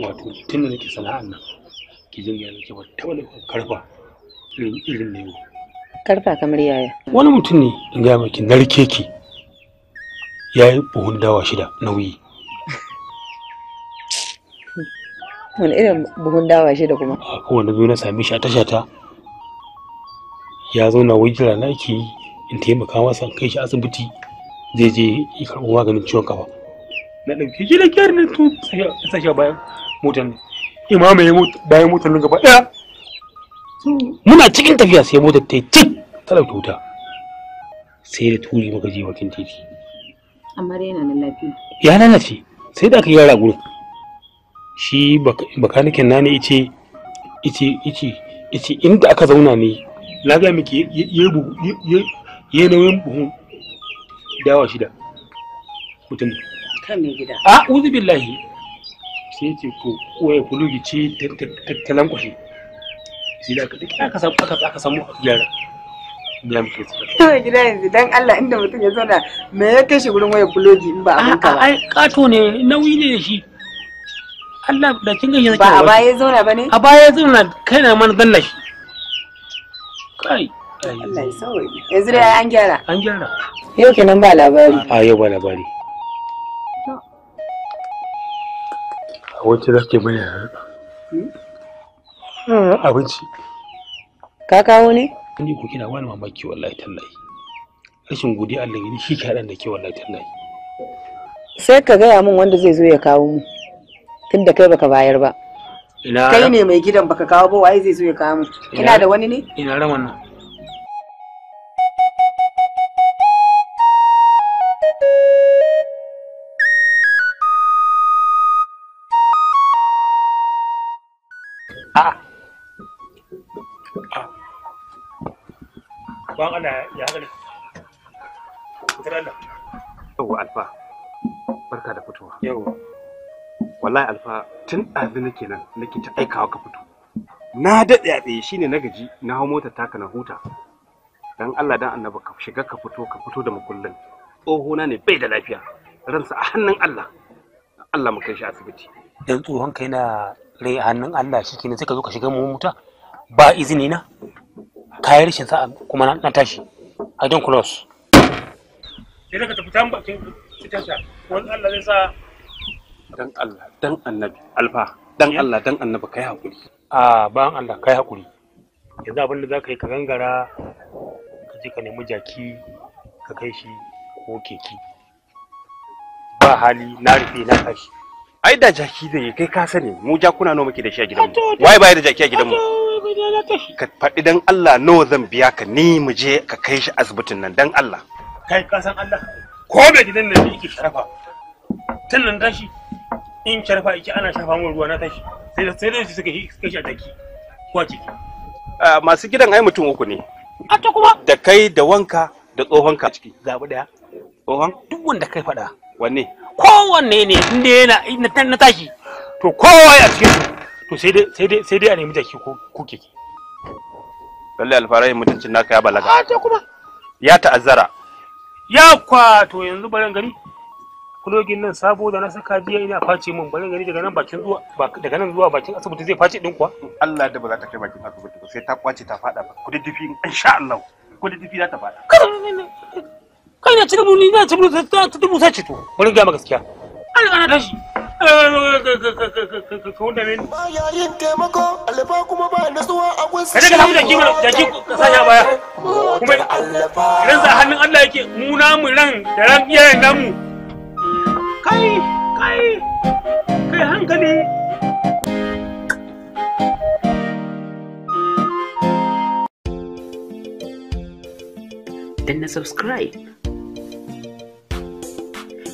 wato tun da nake sana'an nan ki jin yana ke wata wani karfa irin irin ne karfa kamar yaya wani mutum ne in ga miki narke ki ya yi buhun dawa shida nauyi wani irin buhun dawa shida kuma a kowane zo na same shi a ya zauna wajira na ki in taimaka masa kai shi asibiti zai je ya karɓi maganin ciwon kafa na ɗauke shi da kyar bayan motar ne imama ya bayan motar nan gaba ɗaya muna cikin tafiya sai motar ta yi cik ta ɗauke wuta sai da turi muka je bakin titi amma dai yana lallafi ya sai da aka gyara gurin shi bakanikin na ne ice ice ice ice inda aka zauna ne na ga miki ya nauyin buhun dawa shida mutum kan mai gida a uzu billahi sai ce ko waye da aka samu aka samu gyara gida yanzu dan Allah inda mutum ya zauna me ya kai gurin waye kulugi in ba ka ba ai kato ne nauyi ne shi Allah da kin ganye ba a baya zauna bane a baya zauna kai na man zalla shi kai Allah ya sauke yanzu dai an gyara an gyara yau kenan ba labari a yau ba labari abinci da ke bayyana abinci ka kawo ne ni ku kina wani mamaki wallahi tallahi rashin gudi Allah ne shi ke haɗa da ke wallahi tallahi sai ka gaya min wanda zai zo ya kawo mu tun da kai baka bayar ba kai ne mai gidan baka kawo ba wai zai zo ya kawo mu ina da wani ne ina ran wannan a ah. alfa barka da fitowa yauwa wallahi alfa tun ɗazu nake nan nake ta aikawa ka fito na daɗe a tsaye shine na gaji na hau motar taka na huta dan Allah dan annabi ka shiga ka fito ka fito da makullin tsohona ne bai da lafiya ransa a hannun Allah Allah mu kai shi asibiti dan tsohon kai rai a hannun Allah shi kenan sai ka zo ka shiga mu muta ba izini na kayan rashin sa'a kuma na tashi I don't cross sai ka tafi tambakin bakin cikinsa wani Allah zai sa dan Allah dan annabi alfa dan Allah dan annabi kai hakuri a ban Allah kai hakuri yanzu abin da za ka yi ka gangara ka je ka nemi jaki ka kai shi ko keke ba hali na rufe na tashi ai da jaki zai kai ka sani mu jakuna nawa muke da shi a gidanmu wai bai da jaki a gidanmu ka faɗi dan Allah nawa zan biya ka ni mu je ka kai shi asibitin nan dan Allah kai ka san Allah ko da gidan nan da yake sharafa tun nan tashi in sharafa yake ana shafa mu ruwa na tashi sai da sai da su suka kai shi a jaki ko a ciki masu gidan ai mutum uku ne a ta kuma da kai da wanka da tsohonka ciki zabi daya tsohon duk wanda kai faɗa wanne kowanne ne inda yana na tashi to kowa ya cikin to sai dai sai dai a nemi jaki ko keke lalle alfarai mutuncin naka ya balaga a kuma ya ta'azzara ya kwato yanzu barin gari kulogin nan sabo da na saka jiya ina face min barin gari daga nan bakin zuwa daga nan zuwa bakin asibiti zai face din kuwa Allah da ba za ta kai bakin asibiti ba sai ta kwace ta fada ba kudi dufi insha Allah kudi dufi za ta fada kai na cikin muni na cikin ta ta dubu sai cito wani ga gaskiya an ana ta ka wanda min ba yayin subscribe